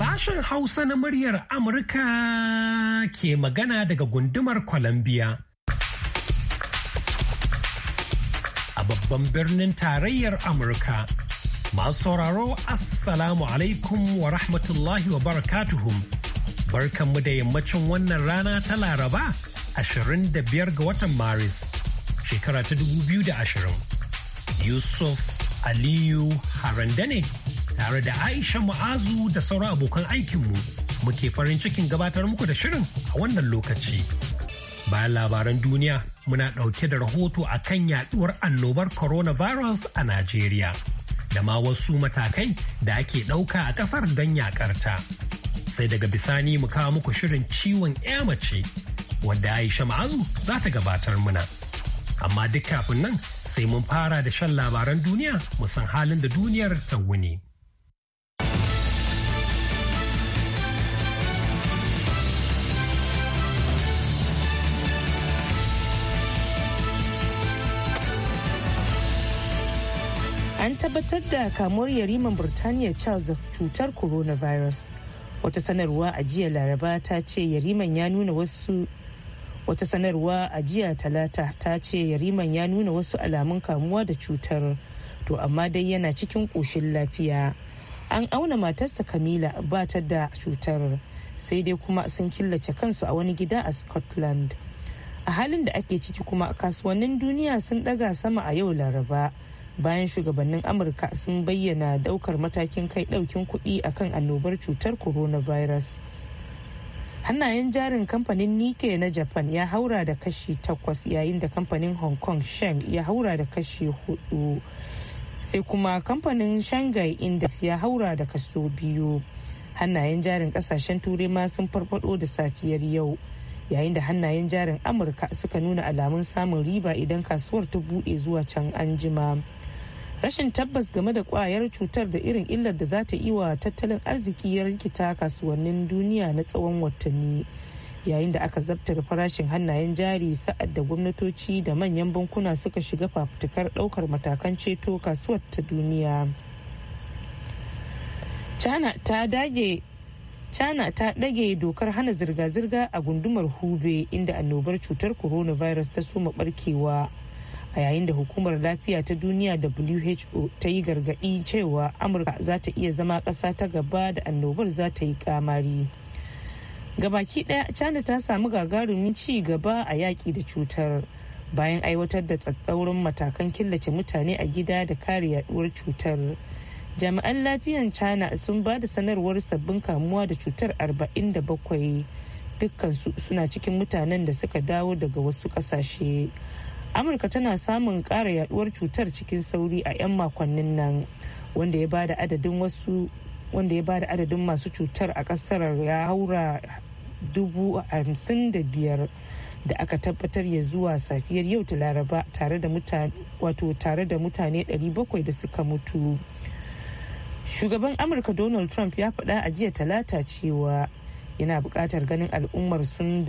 Sashen Hausa na muryar Amurka ke magana daga gundumar Columbia. A babban birnin tarayyar Amurka. Masu sauraro Assalamu alaikum wa rahmatullahi wa barakatuhum. Barkanmu da yammacin wannan rana ta Laraba 25 ga watan Maris, shekara ta 2020. Yusuf Aliyu Haranda ne tare da Aisha ma'azu da sauran abokan aikinmu muke farin cikin gabatar muku da shirin a wannan lokaci. Bayan labaran duniya muna ɗauke da rahoto a kan yaɗuwar annobar coronavirus a Najeriya da ma wasu matakai da ake ɗauka a ƙasar don yaƙarta. Sai daga bisani mu kawo muku shirin ciwon mace wadda Aisha Ma'azu za ta gabatar muna. Amma duk kafin nan sai mun fara da shan labaran duniya musan halin da duniyar ta wuni. an tabbatar da kamuwar yariman burtaniya charles da cutar coronavirus wata sanarwa a jiya laraba ta ce yariman ya nuna wasu wata sanarwa a jiya talata ta ce yariman ya nuna wasu alamun kamuwa da cutar to amma dai yana cikin ƙoshin lafiya an auna matarsa kamila ba ta da cutar sai dai kuma sun killace kansu a wani gida a scotland a halin da ake ciki kuma kasuwannin duniya sun ɗaga sama a yau laraba bayan shugabannin amurka sun bayyana daukar matakin kai daukin kuɗi akan annobar cutar coronavirus hannayen jarin kamfanin nike na japan ya haura da kashi takwas yayin da kamfanin hong kong sheng ya haura da kashi hudu sai kuma kamfanin shanghai index ya haura da kaso biyu hannayen jarin kasashen turai ma sun farfado da safiyar yau yayin da hannayen jarin amurka suka nuna alamun samun riba idan kasuwar ta bude zuwa can anjima. jima rashin tabbas game da kwayar cutar da irin illar da za ta yi wa tattalin arziki ya rikita kasuwannin duniya na tsawon watanni yayin da aka zabtar farashin hannayen jari sa'ad da gwamnatoci da manyan bankuna suka shiga fafutukar daukar matakan ceto kasuwar ta duniya china ta dage ɗage dokar hana zirga-zirga a gundumar hube inda annobar cutar coronavirus ta soma barkewa a yayin da hukumar lafiya ta duniya who ta yi gargaɗi cewa amurka za ta iya zama ƙasa ta gaba da annobar za ta yi kamari gabaki ɗaya china ta samu gagarumin ci gaba a yaƙi da cutar bayan aiwatar da tsattsauran matakan killace mutane a gida da kare yaduwar cutar jami'an lafiyan china sun ba da sanarwar sabbin kamuwa da cutar 47 dukkansu suna cikin mutanen da suka dawo daga wasu ƙasashe. amurka tana samun ƙara yaduwar cutar cikin sauri a 'yan makonnin nan wanda ya bada adadin wasu wanda ya bada adadin masu cutar a ƙasar ya haura dubu hamsin da biyar da aka tabbatar ya zuwa safiyar yau ta laraba tare da mutane wato tare da mutane 700 da suka mutu shugaban amurka donald trump ya faɗa a jiya talata cewa yana buƙatar ganin al'ummar sun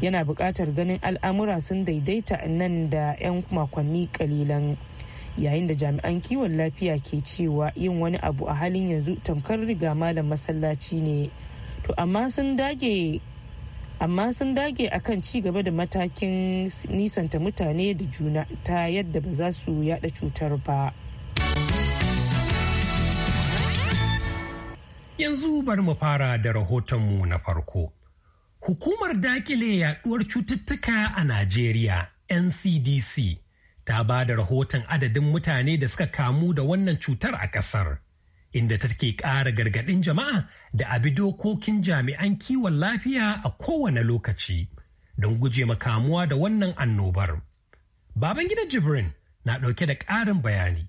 yana buƙatar ganin al'amura sun daidaita nan da 'yan makonni kalilan yayin da jami'an kiwon lafiya ke cewa yin wani abu a halin yanzu tamkar riga malam masallaci ne to amma sun dage amma sun dage akan ci gaba da matakin nisanta mutane da juna ta yadda ba za su yada cutar ba yanzu bari mu fara da rahotonmu na farko Hukumar dakile yaduwar cututtuka a Najeriya NCDC ta ba da rahoton adadin mutane da suka kamu da wannan cutar a ƙasar, inda ta ke ƙara gargaɗin jama'a da abi dokokin jami'an kiwon lafiya a kowane lokaci don guje kamuwa da wannan annobar. Babangida Jibrin na ɗauke da ƙarin bayani.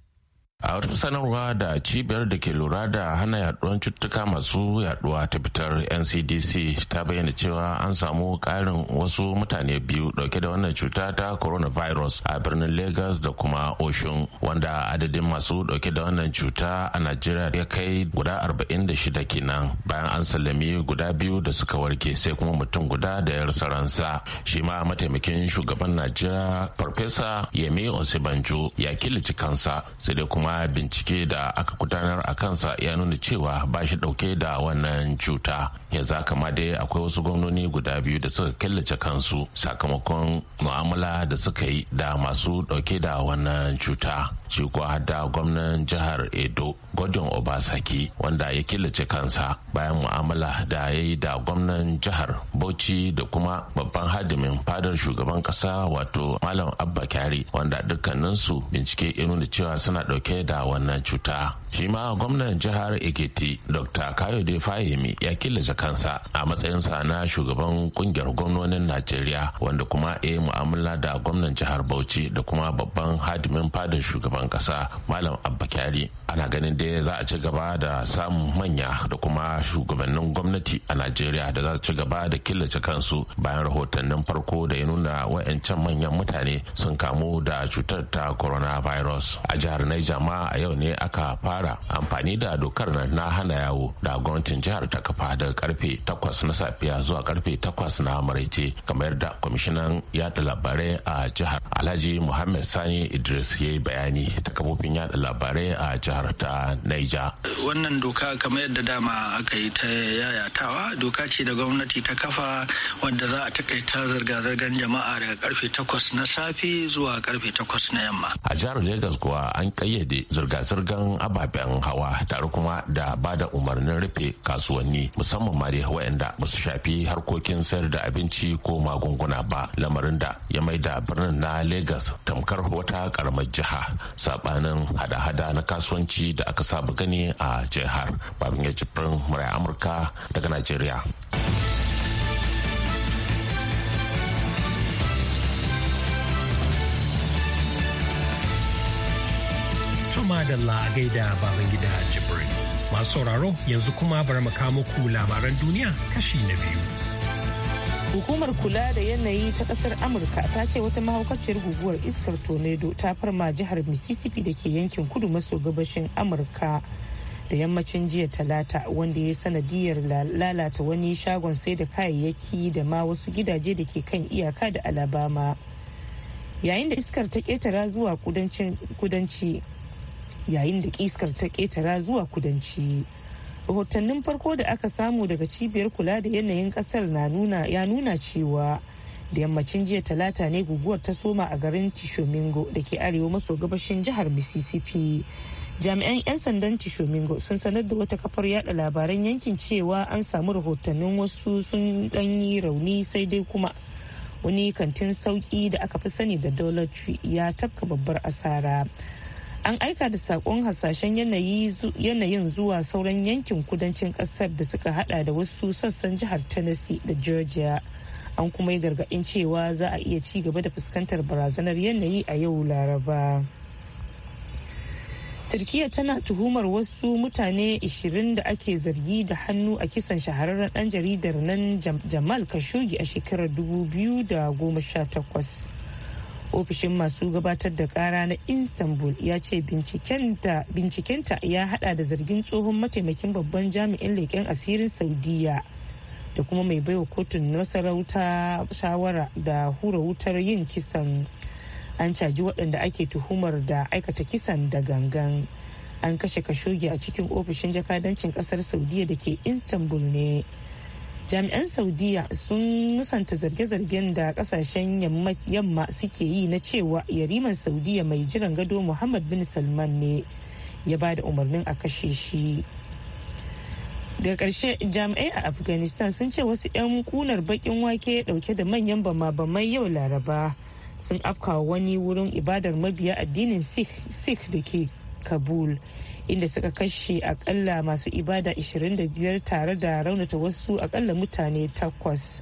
a wata sanarwa da cibiyar da ke lura da hana yaduwar cututtuka masu yaduwa ta fitar ncdc ta bayyana cewa an samu karin wasu mutane biyu dauke da wannan cuta ta coronavirus a birnin lagos da kuma oshun wanda adadin masu dauke da wannan cuta a najeriya ya kai guda 46 kenan bayan an sallami guda biyu da suka warke sai kuma mutum guda da ya rasa ransa shi ma mataimakin shugaban najeriya farfesa yemi osibanjo ya killace kansa sai dai kuma kuma bincike da aka gudanar a kansa ya nuna cewa ba shi dauke da wannan cuta ya za kama dai akwai wasu gwamnoni guda biyu da suka killace kansu sakamakon mu'amala da suka yi da masu dauke da wannan cuta shi kuwa hada gwamnan jihar edo gordon obasaki wanda ya killace kansa bayan mu'amala da ya yi da gwamnan jihar bauchi da kuma babban hadimin fadar shugaban kasa wato malam abba kyari wanda dukkaninsu bincike ya nuna cewa suna dauke dauke da wannan cuta shi ma gwamnan jihar ekiti dr kayode fahimi ya killace kansa a matsayinsa na shugaban kungiyar gwamnonin najeriya wanda kuma ya yi mu'amala da gwamnan jihar bauchi da kuma babban hadimin fadin shugaban kasa malam abba kyari ana ganin dai za a ci gaba da samun manya da kuma shugabannin gwamnati a najeriya da za su ci gaba da killace kansu bayan rahotannin farko da ya nuna wayancan manyan mutane sun kamu da cutar ta coronavirus a jihar niger amma a yau ne aka fara amfani da dokar nan na hana yawo da gwamnatin jihar ta kafa daga karfe 8 na safiya zuwa karfe 8 na maraice kamar da kwamishinan yada labarai a jihar alhaji muhammad sani idris ya yi bayani ta kafofin yada labarai a jihar ta naija wannan doka kamar yadda dama aka yi ta yayatawa doka ce da gwamnati ta kafa wanda za a takaita zirga-zirgar jama'a daga karfe 8 na safe zuwa karfe 8 na yamma a jihar lagos kuwa an kayyade da zirga-zirgar ababen hawa tare kuma da ba da umarnin rufe kasuwanni musamman ma da waɗanda ba su shafi harkokin sayar da abinci ko magunguna ba lamarin da ya mai da birnin na lagos tamkar wata karamar jiha sabanin hada-hada na kasuwanci da aka saba gani a jihar babin ya jibrin murai amurka daga Najeriya. madalla a gaida baban gida Jibrin. Masu sauraro yanzu kuma bari mu kamo ku labaran duniya kashi na biyu. Hukumar kula da yanayi ta kasar Amurka ta ce wata mahaukaciyar guguwar iskar tornado ta farma jihar Mississippi da ke yankin kudu maso gabashin Amurka da yammacin jiya talata wanda ya sanadiyar lalata wani shagon sai da kayayyaki da ma wasu gidaje da ke kan iyaka da Alabama. Yayin da iskar ta ketara zuwa kudanci yayin da iskar ta ƙetara zuwa kudanci rahotannin farko da aka samu daga cibiyar kula da yanayin kasar ya nuna cewa da yammacin jiya talata ne guguwar ta soma a garin tishomingo da ke arewa maso gabashin jihar mississippi jami'an 'yan sandan tishomingo sun sanar da wata kafar yada labaran yankin cewa an samu rahotannin wasu sun danyi rauni sai dai kuma wani kantin sauki da aka fi sani da dollar tree ya tafka babbar asara an aika da sakon hasashen yanayin zuwa sauran yankin kudancin kasar da suka hada da wasu sassan jihar tennessee da georgia an kuma yi gargaɗin cewa za a iya ci gaba da fuskantar barazanar yanayi a yau laraba turkiya tana tuhumar wasu mutane 20 da ake zargi da hannu a kisan shahararren dan jaridar nan jamal kashogi a shekarar 2018 ofishin masu gabatar da kara na istanbul ya ce bincikenta ya hada da zargin tsohon mataimakin babban jami'in leƙen asirin saudiya da kuma mai baiwa kotun nasarauta shawara da hura wutar yin kisan an caji waɗanda ake tuhumar da aikata kisan da gangan an kashe kashogi a cikin ofishin jakadancin ƙasar saudiya da ke istanbul ne jami'an saudiya sun musanta zarge-zargen da kasashen yamma suke yi na cewa yariman saudiya mai jiran gado muhammad bin salman ne ya ba da umarnin a kashe shi daga ƙarshe jami'ai a afghanistan sun ce wasu 'yan kunar bakin wake dauke da manyan bama-bamai yau laraba sun afkawa wani wurin ibadar mabiya addinin sikh da ke kabul inda suka kashe akalla masu ibada 25 tare da raunata wasu akalla mutane takwas.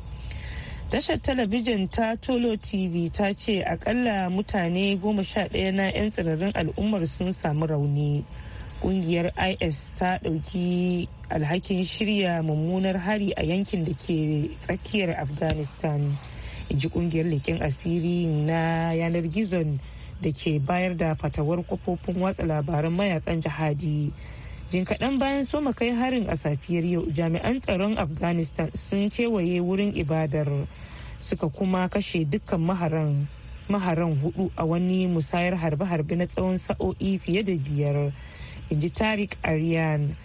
tashar talabijin ta tolo tv ta ce akalla mutane 11 na 'yan tsirarin al'ummar sun samu rauni kungiyar is ta dauki alhakin shirya mummunar hari a yankin da ke tsakiyar afghanistan in ji kungiyar leƙen asiri na yanar gizon da ke bayar da fatawar kafofin watsa labaran mayakan jihadi jin kaɗan bayan soma kai harin a safiyar yau jami'an tsaron afghanistan sun kewaye wurin ibadar suka kuma kashe dukkan maharan maharan hudu a wani musayar harbe-harbe na tsawon sa'o'i fiye da biyar in ji tarik aryan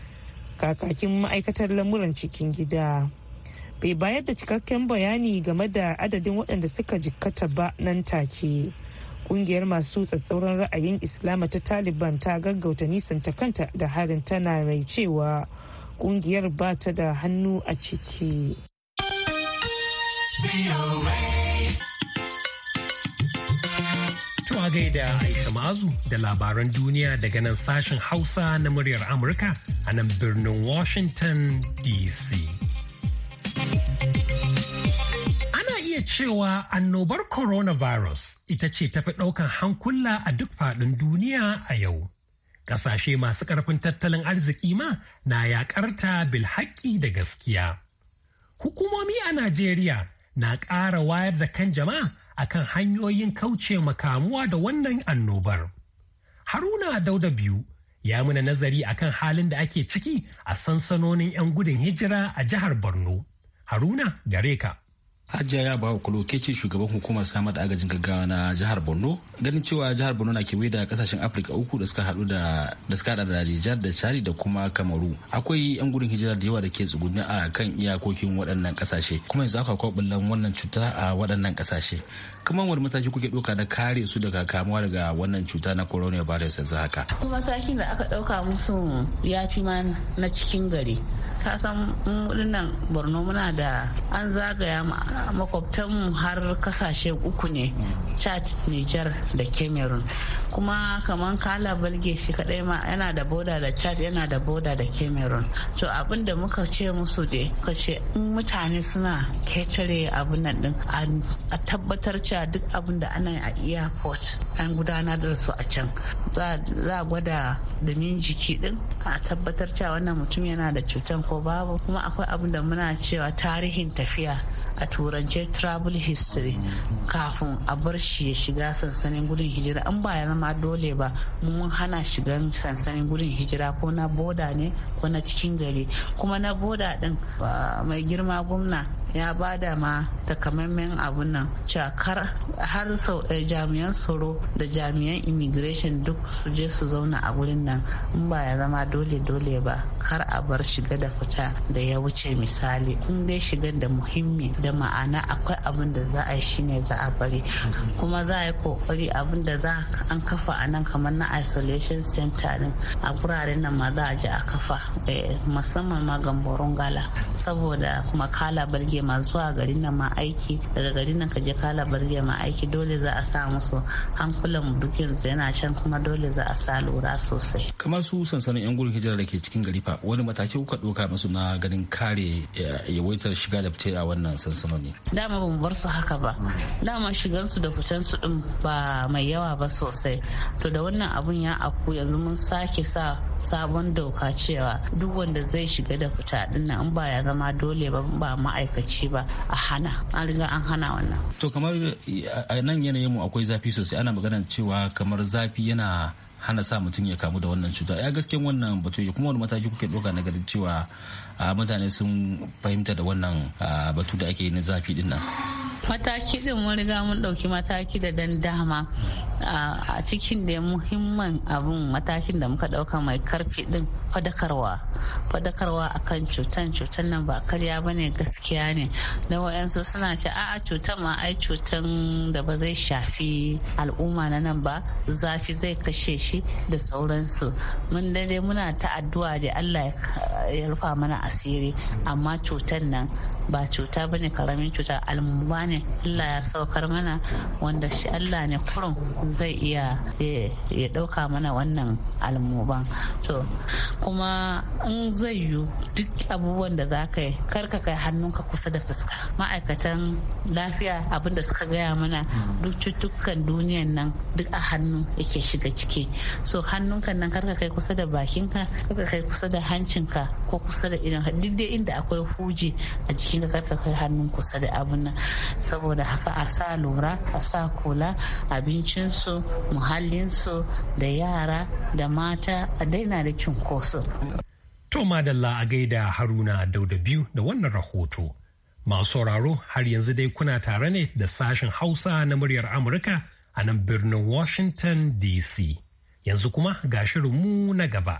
kakakin ma'aikatar lamuran cikin gida bai bayar da cikakken bayani game da adadin waɗanda suka jikkata ba nan take kungiyar masu tsatsauran ra'ayin islama ta taliban ta gaggauta nisanta kanta da harin tana mai cewa kungiyar ba ta da hannu a ciki Tuwa gaida Aisha Mazu da labaran duniya daga nan sashen Hausa na muryar Amurka a nan birnin Washington DC. cewa annobar coronavirus ita ce tafi ɗaukan hankula a duk faɗin duniya a yau. Ƙasashe masu ƙarfin tattalin arziki ma na yaƙarta bilhaƙi da gaskiya. Hukumomi a Najeriya na ƙara wayar da kan jama'a akan hanyoyin kauce makamuwa da wannan annobar. Haruna Dauda biyu ya muna nazari akan halin da ake ciki a sansanonin 'yan gudun hijira a jihar Borno. Haruna gare ka. hajjia ya ba kulo ke ce shugaban hukumar samar da agajin gaggawa na jihar Borno ganin cewa jihar Borno na kewaye da kasashen Afirka uku da suka hadu da da suka hada da Nijar da Chari da kuma Kamaru akwai yan gudun hijira da yawa da ke tsugunni a kan iyakokin waɗannan kasashe kuma yanzu aka kawo bullan wannan cuta a waɗannan kasashe kuma wani mataki kuke ɗauka da kare su daga kamuwa daga wannan cuta na coronavirus yanzu haka kuma matakin da aka ɗauka musu ya fi ma na cikin gari kasan nan borno muna da an zagaya makwabtanmu har kasashe uku ne chad niger da cameroon kuma kamar kala balge shi kadai ma yana da boda da chad yana da boda da cameroon to abin da muka ce musu da kashe in mutane suna ketare abin nan din a tabbatar cewa duk abin da ana yi a airport an gudanar da su a can za a gwada da jiki din a tabbatar cewa wannan mutum yana da cutan ko babu kuma akwai abin da muna cewa tarihin tafiya a turance travel history kafin a bar shi ya shiga sansanin gudun hijira an ba ya zama dole ba mun hana shiga sansanin gudun hijira ko na boda ne ko na cikin gari kuma na boda din mai girma gwamna ya ba da ma takamaiman abun nan cakar har sau eh, jami'an tsaro da jami'an immigration duk su je su zauna a gurin nan in ba ya zama dole dole ba kar a bar shiga da fita da ya wuce misali in dai shigar da muhimmi da ma'ana akwai abin da za a yi shine za a bari kuma za a yi kokari abin da za an kafa a nan kamar na isolation center din a guraren nan ma za a je a kafa eh, musamman ma ga gala saboda kuma kala barge ma zuwa garin nan ma aiki daga garin nan ka je kala barge ma aiki dole za a sa musu hankulan duk yanzu yana can kuma dole za a sa lura sosai kamar su sansanin yan gudun hijira da ke cikin gari fa wani matakin kuka doka musu na ganin kare eh, yawaitar shiga da fita a wannan sansanoni dama ba mu bar su haka ba dama su da fitan su din ba mai yawa ba sosai to da wannan abun ya aku yanzu mun sake sa sabon doka cewa duk wanda zai shiga da fita din nan in ba ya zama dole ba ba ma'aikaci ba a hana an riga an hana wannan to kamar eh, a nan yanayin mu akwai zafi sosai ana maganar cewa kamar zafi yana hana sa mutum ya kamu da wannan cuta ya gaske wannan batu ya kuma wani mataki kuke ɗauka na ganin cewa mutane sun fahimta da wannan batu da ake na zafi din nan mataki din mun riga mun dauki mataki da dan dama a cikin da muhimman abun matakin da muka dauka mai karfi din fadakarwa fadakarwa kan cutan cutan nan ba karya ba ne gaskiya ne da wayansu suna ce a'a cutan ma ai cutan da ba zai shafi al'umma na nan ba zafi zai kashe shi da sauransu mun dai muna ta addu'a da Allah ya rufa mana asiri amma cutar nan ba cuta ba ne karamin cuta almuba ne allah ya saukar mana wanda shi allah ne kurum zai iya ya ɗauka mana wannan almuban to kuma in zai yiwu duk abubuwan da za ka yi karka kai hannunka kusa da fuska ma'aikatan lafiya abin da suka gaya mana duk cututtukan duniyan nan duk a hannu yake shiga ciki so hannunka nan karka kai kusa da bakinka karka kai kusa da hancinka ko kusa da irin duk dai inda akwai huji a jikin ka ka kai hannun kusa da abun nan saboda haka a sa lura a sa kula abincinsu muhallinsu da yara da mata a daina da cunkoso. To madalla a gaida Haruna Dauda biyu da wannan rahoto. Masu sauraro har yanzu dai kuna tare ne da sashen Hausa na muryar Amurka a nan birnin Washington DC. Yanzu kuma ga shirinmu na gaba.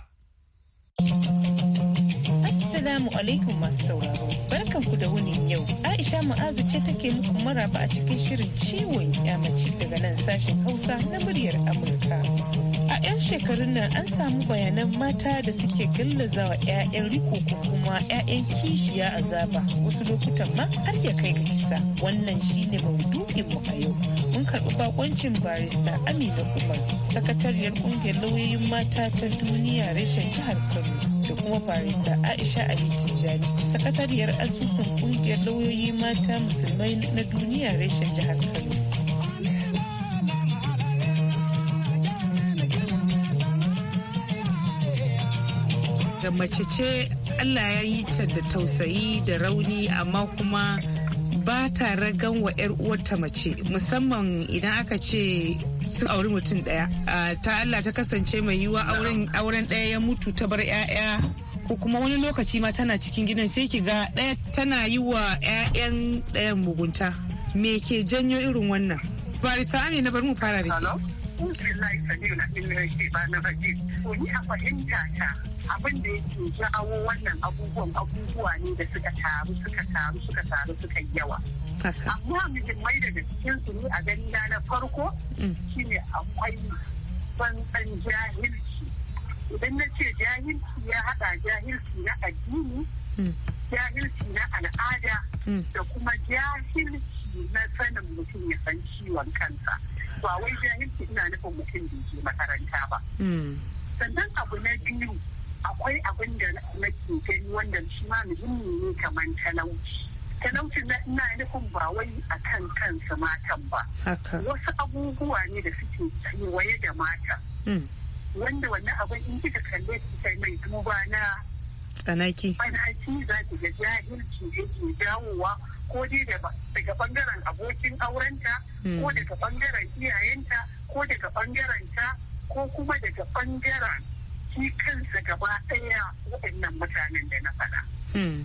Assalamu alaikum masu sauraro. Barkan ku da wuni yau. Aisha Mu'azu ce take muku maraba a cikin shirin ciwon mace daga nan sashen Hausa na muryar Amurka. a 'yan shekarun nan an samu bayanan mata da suke gallazawa 'ya'yan riko ko kuma 'ya'yan kishiya a zaba wasu lokutan ma har ya kai ga kisa wannan shine maudu'in mu a yau mun karɓi bakoncin barista amina umar sakatariyar ƙungiyar lauyoyin mata ta duniya reshen jihar kano da kuma barista aisha ali tijjani sakatariyar asusun ƙungiyar lauyoyi mata musulmai na duniya reshen jihar kano da mace ce allah ya yi ta da tausayi da rauni amma kuma ba ta ragan wa 'yar uwarta mace musamman idan aka ce sun auri mutum daya ta allah ta kasance mai yiwa auren daya ya mutu ta bar 'ya'ya ko kuma wani lokaci ma tana cikin gidan sai ki ga daya tana yi wa 'ya'yan daya mugunta me ke janyo irin wannan barisa na bari mu fara da ke. abin da yake jawo wannan abubuwan abubuwa ne da suka taru suka taru suka taru suka yawa amma muhimmai daga cikin su ne a gani na farko mm. ne akwai tsantsan jahilci idan na ce jahilci ya haɗa jahilci na addini mm. jahilci na al'ada mm. da kuma jahilci na sanin mutum ya san ciwon kansa ba wai jahilci ina nufin mutum da ke makaranta ba sannan abu na biyu akwai abin da nake gani wanda shi ma muhimmi ne kamar talauci talauci na ina nufin ba wai a kan kansu matan ba wasu abubuwa ne da suke kewaye da mata hmm. wanda wannan abin in kika kalle su kai mai duba na tsanaki tsanaki za ki ga jahilci ke dawowa ko dai daga bangaren abokin aurenta hmm. ko daga bangaren iyayenta ko daga bangaren ta ko kuma daga bangaren shi kansa gaba ɗaya waɗannan mutanen da na faɗa. Hmm.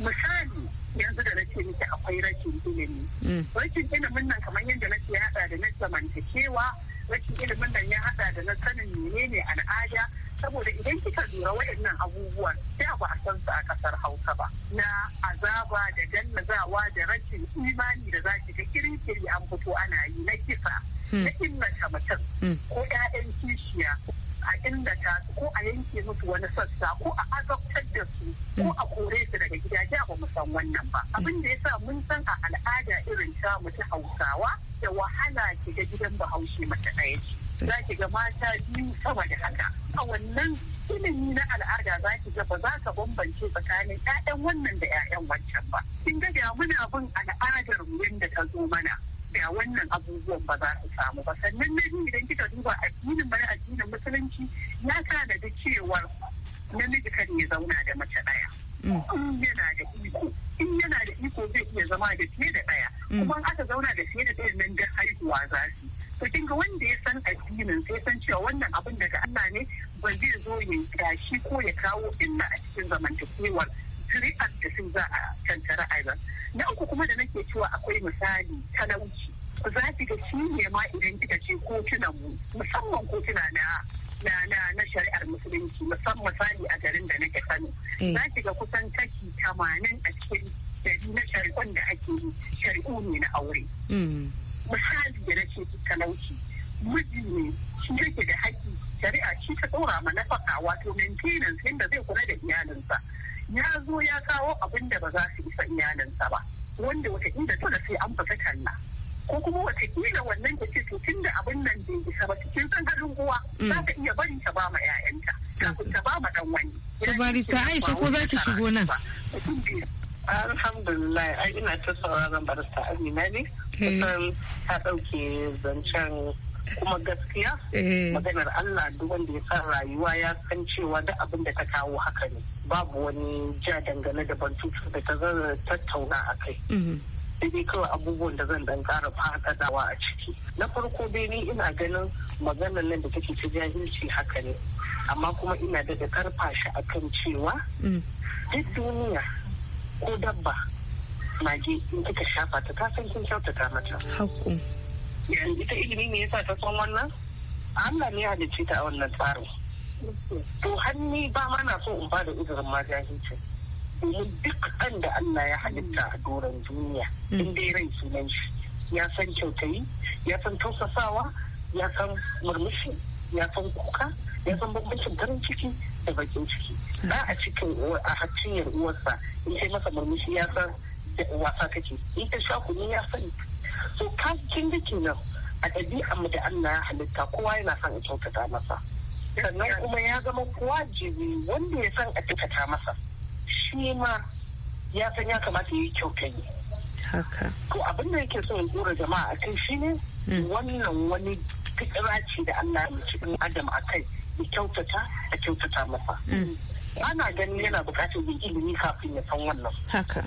Misali yanzu da nake miki akwai rashin ilimi. Hmm. Rashin ilimin nan kamar yadda nake haɗa da na zamantakewa rashin ilimin nan ya haɗa da na sanin menene al'ada saboda idan kika lura waɗannan abubuwan sai ba a san su a ƙasar Hausa ba na azaba da gallazawa da rashin imani da za ki ga kirkiri an fito ana yi na kisa hmm. na inna mutum ko 'ya'yan kishiya a illata ta ko a yanke musu wani sassa ko a azabtar da su ko a kore su daga gidaje ba mu san wannan ba abin da yasa mun san a al'ada irin ta mu ta hausawa da wahala ki ga gidan bahaushe mata ɗaya ce za ki ga mata biyu sama da haka a wannan ilimi na al'ada za ki ga ba za ka bambance tsakanin 'ya'yan wannan da 'ya'yan wancan ba kin ga da muna bin al'adar mu yadda ta zo mana da wannan abubuwan ba za su samu ba sannan na biyu idan kika duba addinin ba na addinin musulunci ya tana da cewar namiji kan ya zauna da mace ɗaya. Mm. in yana da iko in yana da iko zai iya zama da fiye da ɗaya mm. kuma aka zauna da fiye da ɗaya nan da haihuwa za su to kin ga wanda ya san addinin sai san cewa wannan abin daga Allah ne ba zai zo ya tashi ko ya kawo illa a cikin zamantakewar shari'ar da su za a canta ra'ayi ba na uku kuma da nake cewa akwai misali talauci za ki ga shi ne ma idan kika ce kotunan mu musamman kotuna na na na na shari'ar musulunci musamman misali a garin da nake sani eh. za ki ga kusan kashi tamanin a cikin dari na shari'un da ake yi shari'u ne na aure mm. misali da nake talauci miji ne shi yake da haƙƙi shari'a shi ta ɗora ma nafaka wato maintenance inda zai kula da iyalinsa ya zo ya kawo abin da ba za su isa iyalinsa ba wanda wata inda dole sai an fita talla ko kuma wata kila wannan da ce to tunda abin nan bai isa ba cikin san halin uwa mm. za ta iya barin ta ba ma 'ya'yanta kafin ta ba ma dan wani to barista Aisha ko za ki shigo nan alhamdulillah ai ina ta sauraron barista Amina ne mm. kusan ta ɗauke zancen kuma gaskiya eh. maganar Allah duk wanda ya sa rayuwa ya san cewa da abin da ta kawo haka ne babu wani ja dangane da bantutu da ta zan tattauna a kai mhm. dai kawai abubuwan da zan dan kara fadadawa a ciki na farko dai ni ina ganin maganar nan da take ta jahilci haka ne amma kuma ina daga karfashi akan cewa mm. duk duniya ko dabba mage in kika shafa ta ta san kin kyautata mata yanzu ta ilimi me yasa ta san wannan Allah ne halicce ta a wannan tsarin to hanni ba ma na so in ba da uzurin ma jahilci domin duk da Allah ya halitta a doron duniya mm. in dai rai sunan shi ya san kyautayi ya san tausasawa ya san murmushi ya san kuka ya san bambancin garin ciki da bakin ciki ba a cikin a hacciyar uwarsa in sai masa murmushi ya san wasa kake in ta sha ya san so ka kin da kenan a ɗabi'a mu da Allah ya halitta kowa yana son a kyautata masa sannan kuma ya zama wajibi wanda ya san a kyautata masa shi ma ya san ya kamata ya yi kyauta yi. Ko abin da yake son in kora jama'a a kai ne hmm. wannan wani fikira ce da Allah ya ci adam a kai ya kyautata a kyautata masa hmm. ana ganin yana bukatar yin ilimi kafin ya san wannan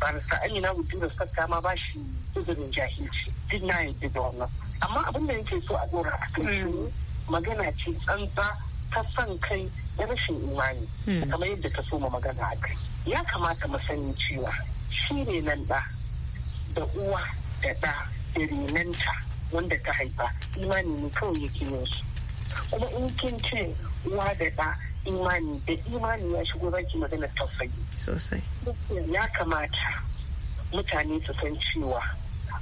sa amina da sassa ma ba shi izinin jahilci duk na yadda da wannan amma abin da nake so a dora a kan magana ce tsantsa ta san kai da rashin imani hmm. kamar yadda ta so ma magana a kai ya kamata mu sani cewa shi ne nan da da uwa da ɗa da renanta wanda ta haifa imani ne kawai yake yin su kuma in kin ce uwa da da. imani da imani ya shigo zaki magana tausayi sosai ya kamata mutane su san cewa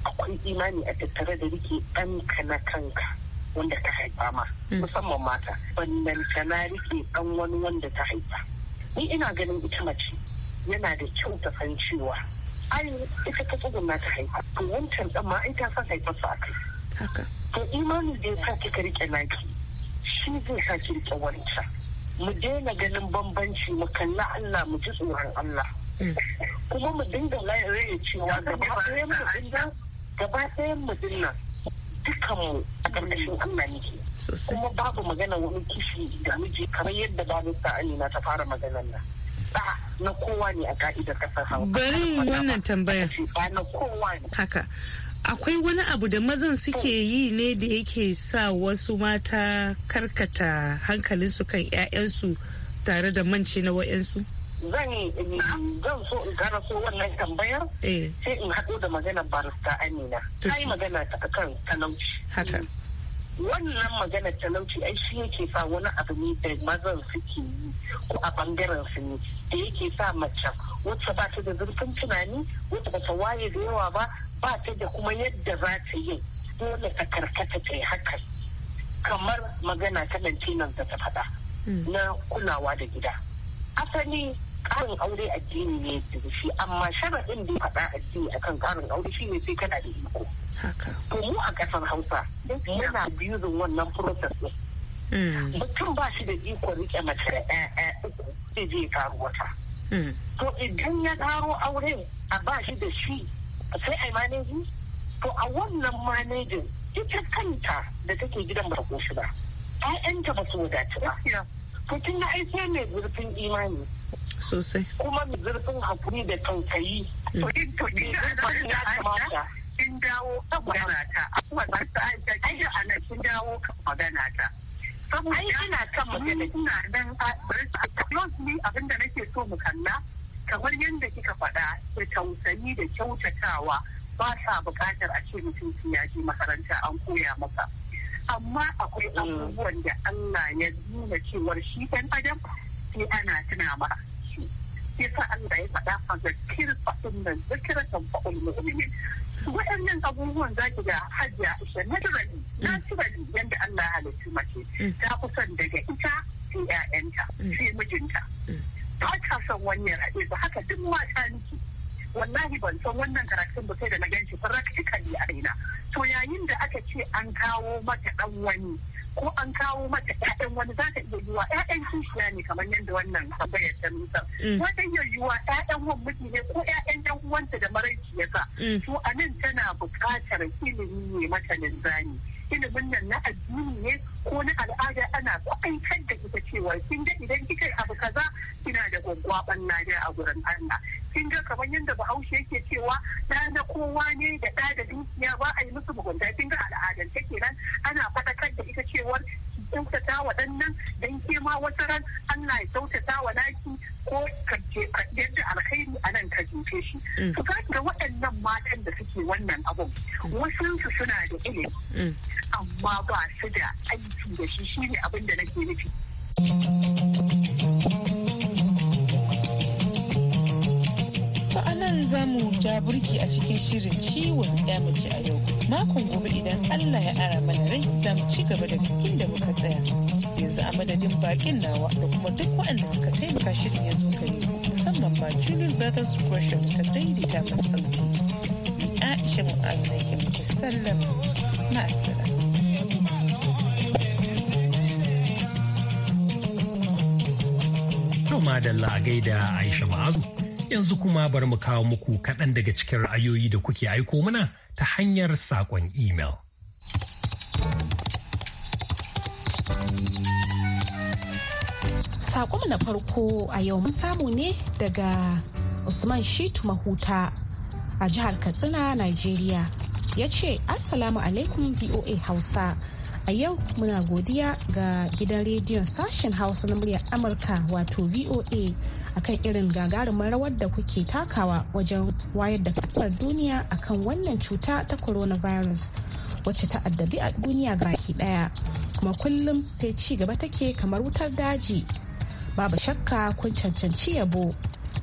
akwai imani a tattare da rike ɗanka na kanka wanda ka haifa ma mm. musamman mata wannan tana rike ɗan wani wanda ta haifa ni ina ganin ita mace yana da kyau ta san cewa ai ita ta tsugunna ta haifa to wancan ɗan ma ai ta san haifa su a kai to imani da ya sa kika rike naki shi zai sa ki rike wancan mu daina ganin bambanci mu kalli Allah mu ji tsoron Allah kuma mu dinga laye cewa gaba ɗayan mu dinga gaba ɗayan mu dinga dukan mu a ƙarƙashin Allah ne kuma babu magana wani kishi da miji kamar yadda babu sa'ani na ta fara maganar nan na kowa ne a ka'idar kasar Hausa. Bari wannan tambayar. Haka. akwai wani abu da mazan suke yi ne da yake sa wasu mata karkata hankalinsu kan 'ya'yansu tare da manci na wa'yansu? zan zan so in gara so wannan tambayar eh. sai in haɗo da magana barista amina ta yi magana ta kan talauci wannan magana talauci ai shi yake sa wani abu ne da mazan suke yi ko a bangaren su ne da yake sa mace wacce ba ta da zurfin tunani wacce ba ta waye da yawa ba ba ta da kuma yadda za ta yi dole ta karkata ta yi hakan kamar magana ta lantinan da ta faɗa hmm. na kulawa da gida asali ƙarin aure addini ne da shi amma sharaɗin da ya faɗa addini akan ƙarin aure shi ne sai kana da iko to mu a kasar hausa yana biyu da wannan process ɗin hmm. mutum ba shi da iko riƙe mace da ɗaya uku zai je ya wata hmm. to idan ya karo aure a ba shi da shi sai a yi manejin to a wannan manejin ita kanta da take gidan ba shi ba ƴaƴanta ba su wadace ba to kin da aiki ne zurfin imani sosai kuma mai zurfin hakuri da tausayi to in to da kamata kin dawo kan magana ta abubuwan ba ana kin dawo kan magana ta saboda ina magana ina nan a bari abin da nake so mu kalla kamar yadda kika faɗa da tausayi da kyautatawa ba sa buƙatar a ce mutum sun ya je makaranta an koya masa amma akwai mm. abubuwan da Allah ya nuna cewar shi ɗan adam sai ana tuna ma shi yasa Allah ya faɗa a kirfa faɗin nan zakira kan fa'ul waɗannan abubuwan za ki ga hajja isha naturally naturally mm. yadda Allah ya halittu mace mm. ta kusan daga ita sai 'ya'yanta sai mijinta ba ka son wannan rabe ba haka duk mata niki wallahi ban san wannan karatun ba sai da na ganshi practically a raina to yayin da aka ce an kawo mata dan wani ko an kawo mata ƴaƴan wani za ta iya yiwa ƴaƴan kishiya ne kamar yadda wannan tambayar ta ko wata mm. iya yiwa ƴaƴan wan miji ne ko ƴaƴan ɗan uwanta da maraici ya sa mm. to a tana buƙatar ilimi ne mata linzani ilimin nan na addini ne ko na al'ada ana kwaikar da ita cewa kin ga idan kika abu kaza kina da gwaggwaban lada a gurin Allah kin ga kamar yadda Bahaushe yake cewa da na kowa ne da da dukiya ba a yi musu mugunta kin ga al'adan take nan ana faɗakar da ita cewar kyautata wa ɗan nan dan ke ma wata ran Allah ya kyautata wa naki ko ka yadda alkhairi a nan ka jefe shi mm. su ga waɗannan matan da suke wannan abun mm. wasu su suna da ilimi mm. amma ba su da aiki da shi shine abin da nake nufi To a nan za mu ja burki a cikin shirin ciwon ya ci a yau. Makon gobe idan Allah ya ara mana rai za mu ci gaba da inda muka tsaya. Yanzu a madadin bakin nawa da kuma duk waɗanda suka taimaka shirin ya zo musamman ba Julian Brothers Worship ta daidaita mun sauti. Ni Aisha Mu'azu nake muku sallama. Ma'asala. To madalla a gaida Aisha Ma'azu. Yanzu kuma bari mu kawo muku kaɗan daga cikin ra'ayoyi da kuke aiko mana ta hanyar saƙon imel. Saƙon na farko a yau mun samu ne daga Usman Shitu Mahuta a jihar Katsina, Najeriya. Ya ce, Assalamu alaikum VOA Hausa. a yau muna godiya ga gidan rediyon sashen hausa na muryar amurka wato voa akan irin gagarumin rawar da kuke takawa wajen wayar da kafar duniya akan wannan cuta ta coronavirus wacce ta addabi a duniya baki daya kuma kullum sai ci gaba take kamar wutar daji babu shakka kun cancanci yabo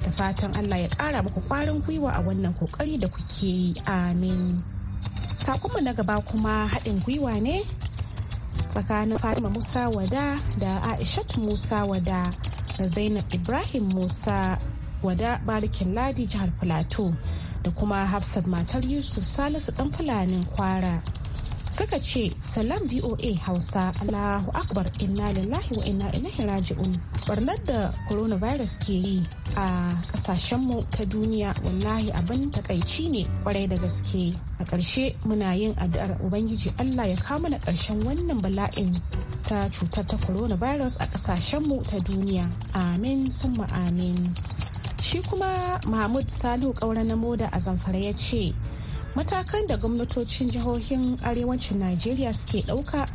da fatan allah ya kara muku kwarin gwiwa a wannan kokari da kuke yi amin sakonmu na gaba kuma haɗin gwiwa ne tsakanin fatima musa wada da aishat musa wada da zainab ibrahim musa wada barikin ladi jihar plateau da kuma hafsat matar yusuf salisu dan fulanin kwara suka ce salam voa hausa allahu akbar inna lillahi wa inna ilaihi raji'un barnar da coronavirus ke yi a kasashenmu ta duniya wallahi abin takaici ne kwarai da gaske a ƙarshe muna yin addu'ar ubangiji allah ya kawo mana ƙarshen wannan bala'in ta cutar ta coronavirus a kasashenmu ta duniya amin summa amin shi kuma mahmud salihu ƙaura na moda a zamfara ya ce matakan da gwamnatocin jihohin arewacin najeriya suke ɗauka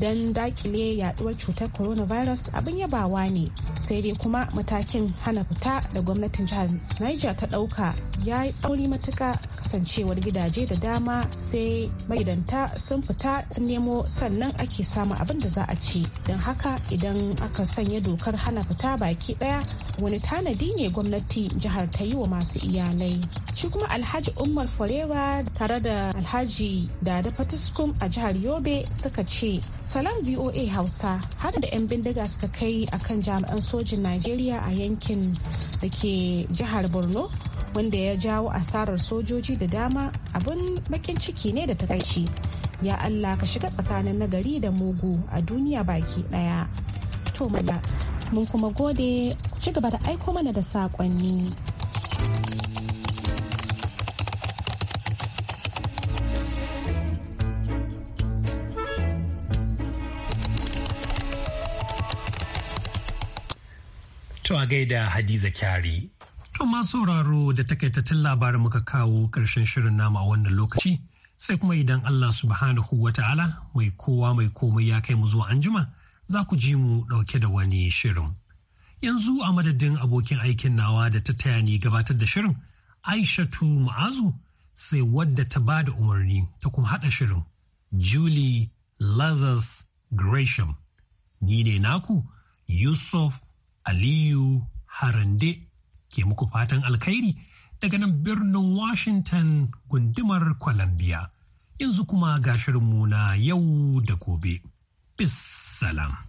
don daƙile yaduwar cutar coronavirus abin yabawa ne sai dai kuma matakin hana fita da gwamnatin jihar niger ta ɗauka ya yi tsauri matuka kasancewar gidaje da dama sai magidanta sun fita sun nemo sannan ake samun abin da za a ci don haka idan aka sanya dokar hana fita baki ɗaya wani tanadi ne gwamnati jihar ta yi wa masu iyalai shi kuma alhaji umar forewa tare da alhaji da fatiskum a jihar yobe suka ce salam voa hausa har da 'yan bindiga suka kai akan jami'an so sojin najeriya a yankin da ke jihar borno wanda ya jawo asarar sojoji da dama abin bakin ciki ne da takaici ya allah ka shiga tsakanin nagari da mugu a duniya baki daya to mana mun kuma gode ci gaba da aiko mana da saƙonni To a gaida Hadiza Kyari. To masu sauraro da takaitattun labarin muka kawo ƙarshen shirin nama a wannan lokaci sai kuma idan Allah subhanahu wa ta'ala mai kowa mai komai ya kai mu zuwa anjima za ku ji mu ɗauke da wani shirin. Yanzu a madadin abokin aikin nawa da ta taya ni gabatar da shirin Aisha Aishatu Ma'azu sai wadda ta ba da umarni ta kuma haɗa shirin Julie Lazarus Gresham. Ni ne naku Yusuf Aliyu Harande ke muku fatan alkhairi daga nan birnin Washington gundumar Columbia. Yanzu kuma ga shirinmu na yau da gobe. Bis salam.